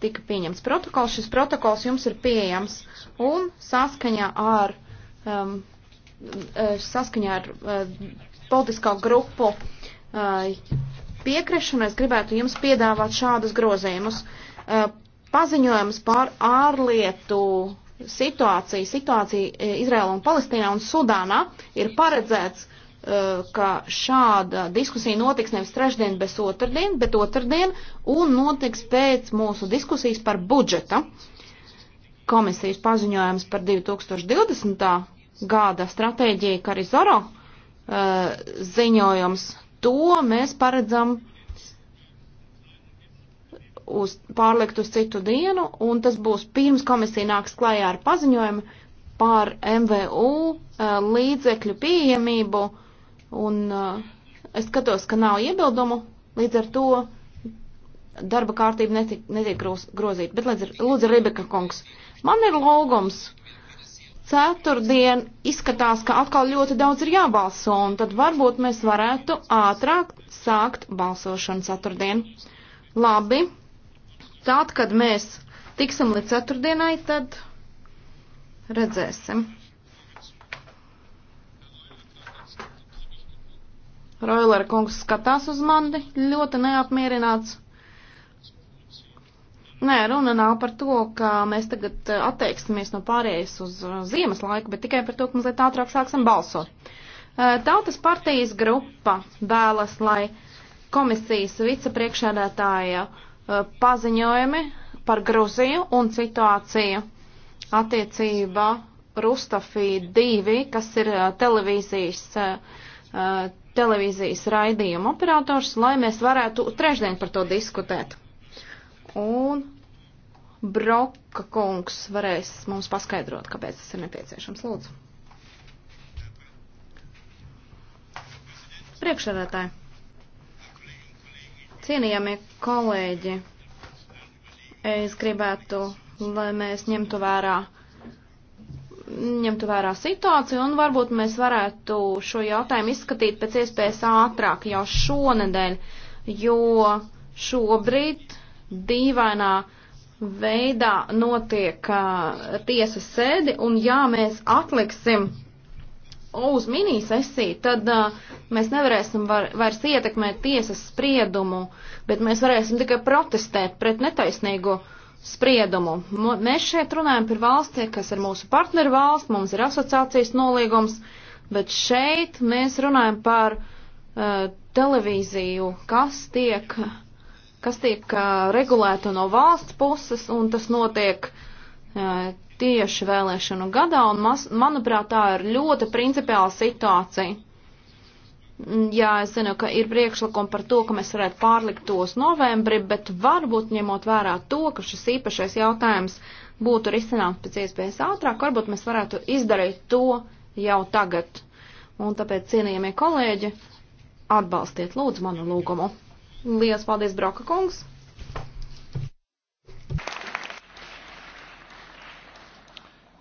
tika pieņemts protokols. Šis protokols jums ir pieejams un saskaņā ar, um, e, saskaņā ar uh, e, politiskā grupu uh, piekrišanu es gribētu jums piedāvāt šādus grozījumus. Uh, paziņojums par ārlietu situāciju, situāciju Izrēlā un Palestīnā un Sudānā ir paredzēts Eh, ka šāda diskusija notiks nevis trešdien, bet otrdien, bet otrdien un notiks pēc mūsu diskusijas par budžeta. Komisijas paziņojums par 2020. gada stratēģiju Karizoro eh, ziņojums, to mēs paredzam uz, pārlikt uz citu dienu, un tas būs pirms komisija nāks klajā ar paziņojumu par MVU eh, līdzekļu pieejamību uh, Un uh, es skatos, ka nav iebildumu, līdz ar to darba kārtība netiek, netiek grozīta. Bet līdz ar, lūdzu, Rebeka kungs, man ir logums. Ceturtdien izskatās, ka atkal ļoti daudz ir jābalso, un tad varbūt mēs varētu ātrāk sākt balsošanu ceturtdien. Labi, tad, kad mēs tiksim līdz ceturtdienai, tad redzēsim. Roilera kungs skatās uz mani ļoti neapmierināts. Nē, runa nav par to, ka mēs tagad eh, atteiksimies no pārējais uz eh, ziemas laiku, bet tikai par to, ka mazliet ātrāk sāksim balsot. Eh, Tautas partijas grupa vēlas, lai komisijas vicepriekšēdētāja paziņojumi par Gruziju un situāciju attiecībā Rustafī 2, kas ir televīzijas uh, televīzijas raidījuma operators, lai mēs varētu trešdien par to diskutēt. Un Broka kungs varēs mums paskaidrot, kāpēc tas ir nepieciešams. Lūdzu. Priekšsēdētāji, cienījamie kolēģi, es gribētu, lai mēs ņemtu vērā ņemtu vērā situāciju un varbūt mēs varētu šo jautājumu izskatīt pēc iespējas ātrāk jau šonedēļ, jo šobrīd dīvainā veidā notiek uh, tiesas sēdi un ja mēs atliksim uz mini sesiju, tad uh, mēs nevarēsim var, vairs ietekmēt tiesas spriedumu, bet mēs varēsim tikai protestēt pret netaisnīgu uh, spriedumu. Mēs šeit runājam par valsti, kas ir mūsu partneru valsts, mums ir asociācijas nolīgums, bet šeit mēs runājam par uh, televīziju, kas tiek, kas tiek uh, regulēta no valsts puses, un tas notiek uh, tieši vēlēšanu gadā, un, mas, manuprāt, tā ir ļoti principiāla situācija. Mm, jāzina, ka ir priekšlikumi par to, ka mēs varētu pārlikt tos novembri, bet varbūt ņemot vērā to, ka šis īpašais jautājums būtu risināts pēc iespējas ātrāk, varbūt mēs varētu izdarīt to jau tagad. Un tāpēc, cienījamie kolēģi, atbalstiet lūdzu manu lūgumu. Lielas paldies, Broka kungs!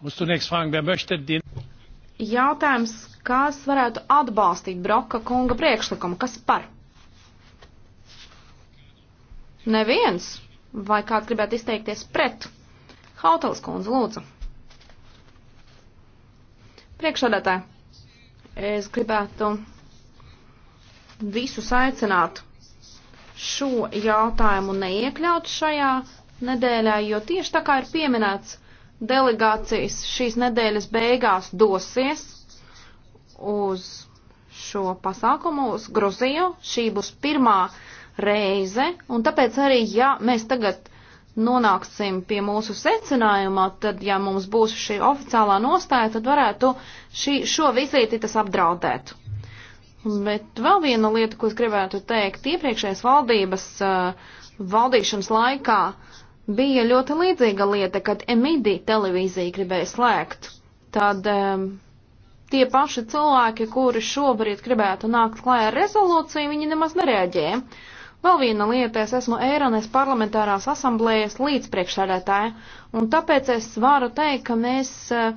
Musst du nichts fragen, wer möchte den? jautājums, kas varētu atbalstīt Broka kunga priekšlikumu, kas par? Neviens. Vai kāds gribētu izteikties pret? Hautals kundze, lūdzu. Priekšsādātāji, es gribētu visus aicināt šo jautājumu neiekļaut šajā nedēļā, jo tieši tā kā ir pieminēts, delegācijas šīs nedēļas beigās dosies uz šo pasākumu, uz Gruziju. Šī būs pirmā reize, un tāpēc arī, ja mēs tagad nonāksim pie mūsu secinājumā, tad, ja mums būs šī oficiālā nostāja, tad varētu šī, šo vizīti tas apdraudēt. Bet vēl viena lieta, ko es gribētu teikt, iepriekšējās valdības uh, valdīšanas laikā uh, Bija ļoti līdzīga lieta, kad Emīdī televīzija gribēja slēgt. Tad um, tie paši cilvēki, kuri šobrīd gribētu nākt klājā ar rezolūciju, viņi nemaz nereaģēja. Vēl viena lieta, es esmu Eironas parlamentārās asamblējas līdzpriekšsēdētāja, un tāpēc es varu teikt, ka mēs uh,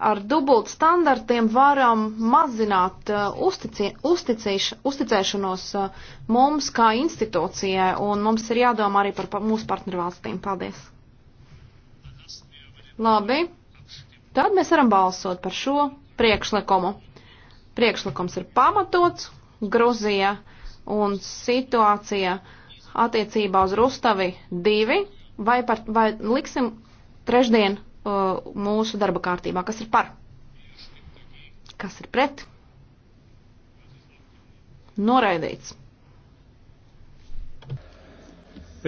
ar dubult standartiem varam mazināt uh, uztici, uzticīš, uzticēšanos uh, mums kā institūcijai, un mums ir jādomā arī par pa, mūsu partneru valstīm. Paldies! Labi, tad mēs varam balsot par šo priekšlikumu. Priekšlikums ir pamatots, Gruzija un situācija attiecībā uz Rustavi divi, vai, par, vai liksim trešdien Uh, mūsu darba kārtībā. Kas ir par? Kas ir pret? Noraidīts.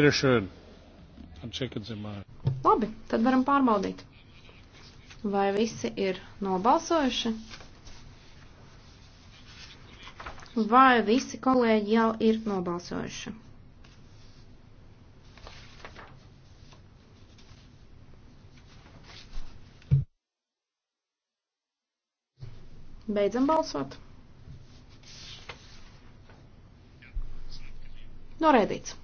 Ir šeit. Labi, tad varam pārbaudīt. Vai visi ir nobalsojuši? Vai visi kolēģi jau ir nobalsojuši? Beidzam balsot. Norēdīts.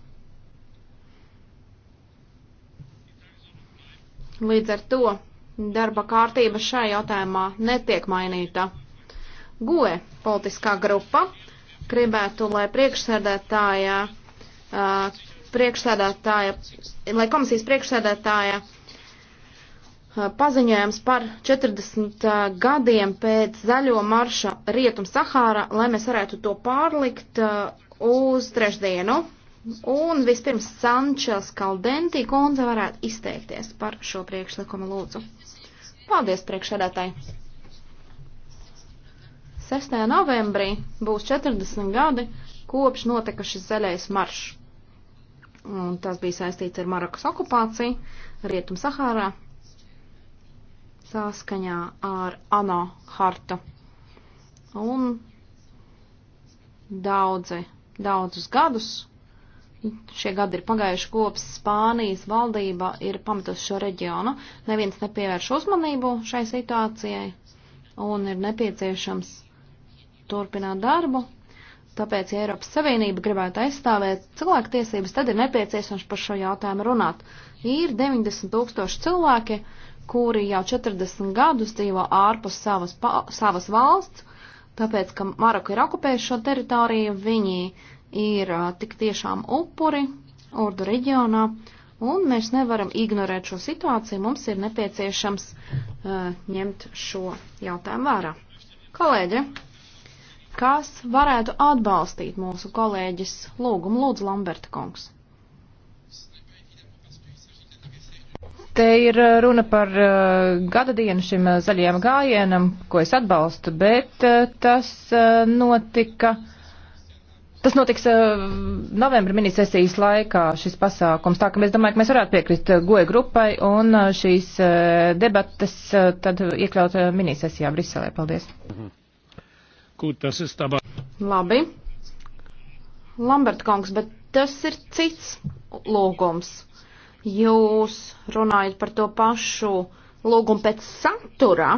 Līdz ar to darba kārtība šai jautājumā netiek mainīta. GUE politiskā grupa gribētu, lai priekšsēdētāja, uh, priekšsēdētāja, lai komisijas priekšsēdētāja paziņojums par 40 gadiem pēc zaļo marša Rietum Sahārā, lai mēs varētu to pārlikt uz trešdienu. Un vispirms Sančels Kaldentī kundze varētu izteikties par šo priekšlikumu lūdzu. Paldies priekšsēdētāji! 6. novembrī būs 40 gadi, kopš notika šis zaļais maršs. Un tas bija saistīts ar Marokas okupāciju Rietum Sahārā, saskaņā ar ANO hartu. Un daudzi, daudzus gadus, šie gadi ir pagājuši kops, Spānijas valdība ir pametusi šo reģionu, neviens nepievērš uzmanību šai situācijai un ir nepieciešams turpināt darbu. Tāpēc, ja Eiropas Savienība gribētu aizstāvēt cilvēktiesības, tad ir nepieciešams par šo jautājumu runāt. Ir 90 tūkstoši cilvēki, uh, kuri jau 40 gadus dzīvo ārpus savas, pa, savas valsts, tāpēc, ka Maroka ir okupējusi šo teritoriju, viņi ir uh, tik tiešām upuri Urdu reģionā, un mēs nevaram ignorēt šo situāciju, mums ir nepieciešams uh, ņemt šo jautājumu vērā. Kolēģi, kas varētu atbalstīt mūsu kolēģis lūgumu lūdzu Lamberta kungs? Te ir uh, runa par uh, gada dienu šim uh, zaļajam gājienam, ko es atbalstu, bet tas notika. Tas notiks novembra minisesijas laikā šis pasākums, tā ka mēs domājam, ka mēs varētu piekrist goja grupai un šīs debates tad iekļaut minisesijā Briselē. Paldies. Kur tas ir stabā? Labi. Lambert kungs, bet tas ir cits lūgums jūs runājat par to pašu lūgumu pēc satura,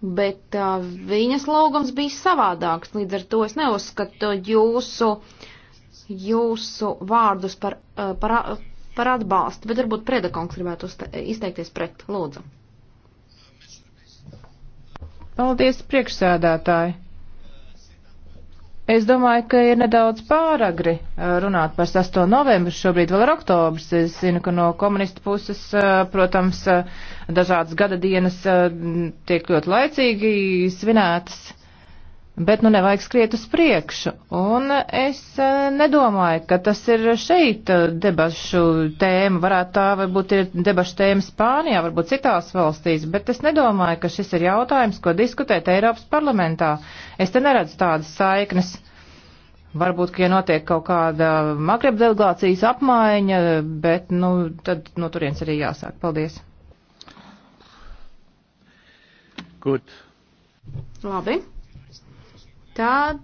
bet uh, viņas lūgums bija savādāks. Līdz ar to es neuzskatu jūsu, jūsu vārdus par, uh, par, uh, par atbalstu, bet varbūt Predakongs gribētu izteikties pret. Lūdzu. Paldies, priekšsēdētāji! Es domāju, ka ir nedaudz pāragri runāt par 8. novembru, šobrīd vēl ir oktobrs. Es zinu, ka no komunistu puses, protams, dažādas gada dienas tiek ļoti laicīgi svinētas bet nu nevajag skriet uz priekšu. Un es e, nedomāju, ka tas ir šeit e, debašu tēma, varētu tā varbūt ir debašu tēma Spānijā, varbūt citās valstīs, bet es nedomāju, ka šis ir jautājums, ko diskutēt Eiropas parlamentā. Es te neredzu tādas saiknes. Varbūt, ka ja notiek kaut kāda Magreb delegācijas apmaiņa, bet, nu, tad no turienes arī jāsāk. Paldies. Good. Labi. Tad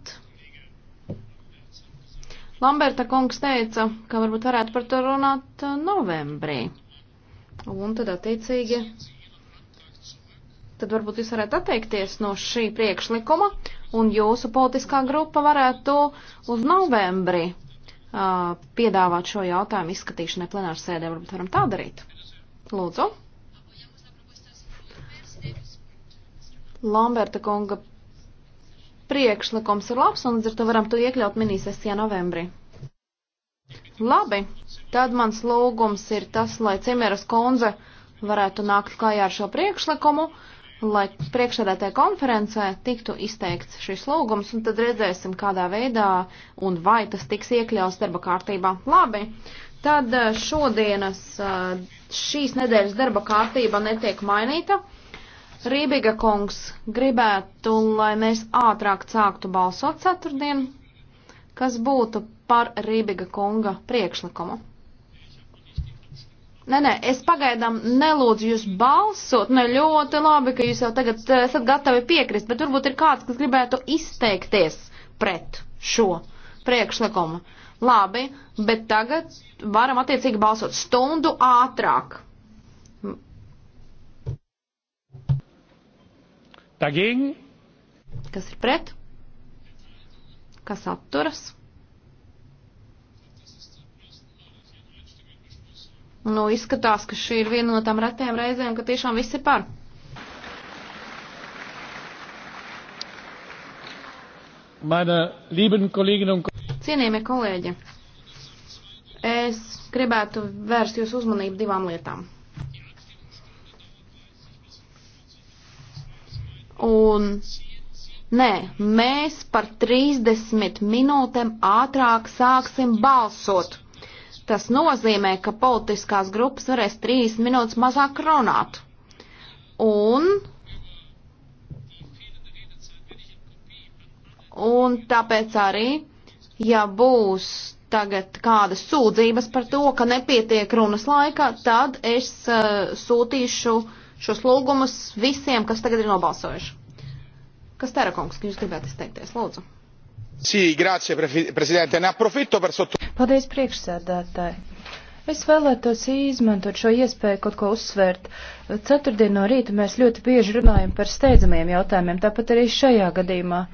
Lamberta kungs teica, ka varbūt varētu par to runāt uh, novembrī. Un tad attiecīgi, tad varbūt jūs varētu atteikties no šī priekšlikuma, un jūsu politiskā grupa varētu uz novembri uh, piedāvāt šo jautājumu izskatīšanai plenāru sēdē. Varbūt varam tā darīt. Lūdzu. Lamberta kunga priekšlikums ir labs, un līdz ar to varam to iekļaut minisesijā novembrī. Labi, tad mans lūgums ir tas, lai Cimeras konze varētu nākt klājā ar šo priekšlikumu, lai priekšsēdētāja konferencē tiktu izteikts šis lūgums, un tad redzēsim, kādā veidā un vai tas tiks iekļauts darba kārtībā. Labi, tad eh, šodienas eh, šīs nedēļas darba kārtība netiek mainīta. Rībiga kungs gribētu, lai mēs ātrāk sāktu balsot ceturtdien, kas būtu par Rībiga kunga priekšlikumu. Nē, nē, es pagaidām nelūdzu jūs balsot, ne ļoti labi, ka jūs jau tagad eh, esat gatavi piekrist, bet varbūt ir kāds, kas gribētu izteikties pret šo priekšlikumu. Labi, bet tagad varam attiecīgi balsot stundu ātrāk. Dagegen? Kas ir pret? Kas atturas? Nu, izskatās, ka šī ir viena no tām retēm reizēm, ka tiešām viss ir par. Meine lieben Kolleginnen un Kollegen. Cienījamie kolēģi, es gribētu vērst jūsu uzmanību divām lietām. Un nē, mēs par 30 minūtēm ātrāk sāksim balsot. Tas nozīmē, ka politiskās grupas varēs 3 minūtes mazāk runāt. Un Un tāpēc arī, ja būs tagad kādas sūdzības par to, ka nepietiek runas laikā, tad es uh, sūtīšu uh, šos lūgumus visiem, kas tagad ir nobalsojuši. Kas tēra kungs, ka jūs gribētu izteikties, lūdzu? Sī, grācie, prezidente, neaprofito par sotu. Paldies, priekšsēdētāji. Es vēlētos izmantot šo iespēju kaut ko uzsvērt. Ceturtdien no rīta mēs ļoti bieži runājam par steidzamiem jautājumiem, tāpat arī šajā gadījumā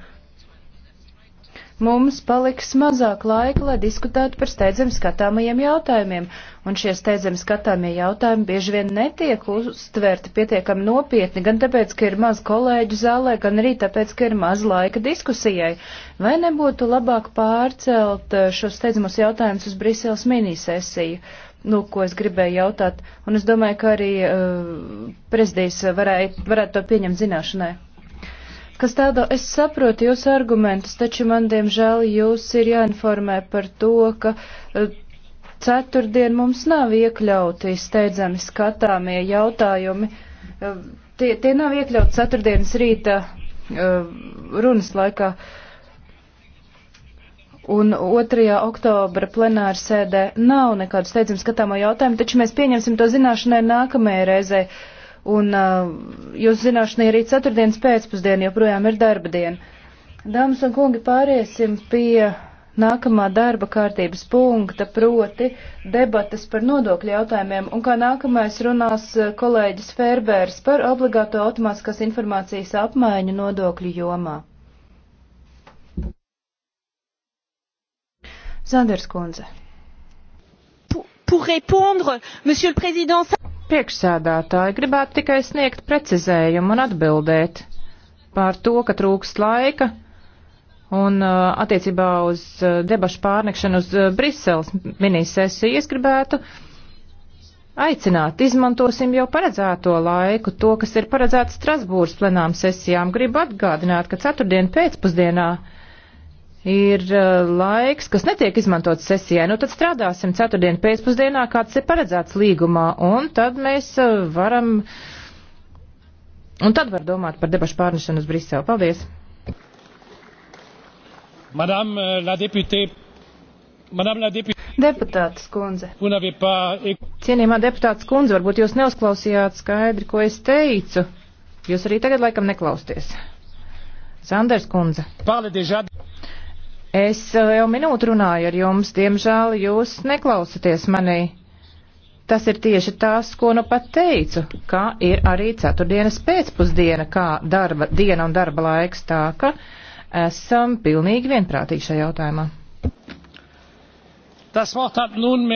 mums paliks mazāk laika, lai diskutētu par steidzami skatāmajiem jautājumiem, un šie steidzami skatāmie jautājumi bieži vien netiek uztverti pietiekami nopietni, gan tāpēc, ka ir maz kolēģu zālē, gan arī tāpēc, ka ir maz laika diskusijai. Vai nebūtu labāk pārcelt eh, šos steidzamos jautājumus uz Briseles minisesiju? nu, ko es gribēju jautāt, un es domāju, ka arī uh, prezidijas varēja, varētu to pieņemt zināšanai kas tādā, es saprotu jūsu argumentus, taču man, diemžēl, jūs ir jāinformē par to, ka eh, ceturtdien mums nav iekļauti steidzami skatāmie jautājumi. Eh, tie, tie nav iekļauti ceturtdienas rīta eh, runas laikā. Un 2. oktobra plenāra sēdē nav nekādu steidzami skatāmo jautājumu, taču mēs pieņemsim to zināšanai nākamajai reizei un uh, jūs zināšanai arī ceturtdienas pēcpusdiena joprojām ir darba diena. Dāmas un kungi, pāriesim pie nākamā darba kārtības punkta, proti debatas par nodokļu jautājumiem, un kā nākamais runās uh, kolēģis Ferbērs par obligāto automātiskās informācijas apmaiņu nodokļu jomā. Zanders kundze. Pour répondre, Monsieur le Président, priekšsēdētāji, gribētu tikai sniegt precizējumu un atbildēt par to, ka trūkst laika un uh, attiecībā uz uh, debašu pārnekšanu uz uh, Briseles minisesiju. Es gribētu aicināt, izmantosim jau paredzēto laiku, to, kas ir paredzēts Strasbūras plenām sesijām. Gribu atgādināt, ka ceturtdien pēcpusdienā ir eh, laiks, kas netiek izmantots sesijai. Nu, tad strādāsim ceturtdien pēcpusdienā, kāds ir paredzēts līgumā, un tad mēs eh, varam, un tad var domāt par debašu pārnešanu uz Briselu. Paldies! Madame eh, la députée, Madame la députée. Deputātas kundze. Cienījumā deputātas kundze, varbūt jūs neuzklausījāt skaidri, ko es teicu. Jūs arī tagad laikam neklausties. Sanders kundze. Es eh, jau minūtu runāju ar jums, diemžēl jūs neklausaties manī. Tas ir tieši tās, ko nu pat teicu, kā ir arī ceturtdienas pēcpusdiena, kā darba diena un darba laiks tā, ka esam pilnīgi vienprātīgi šajā jautājumā. Tas vārds nun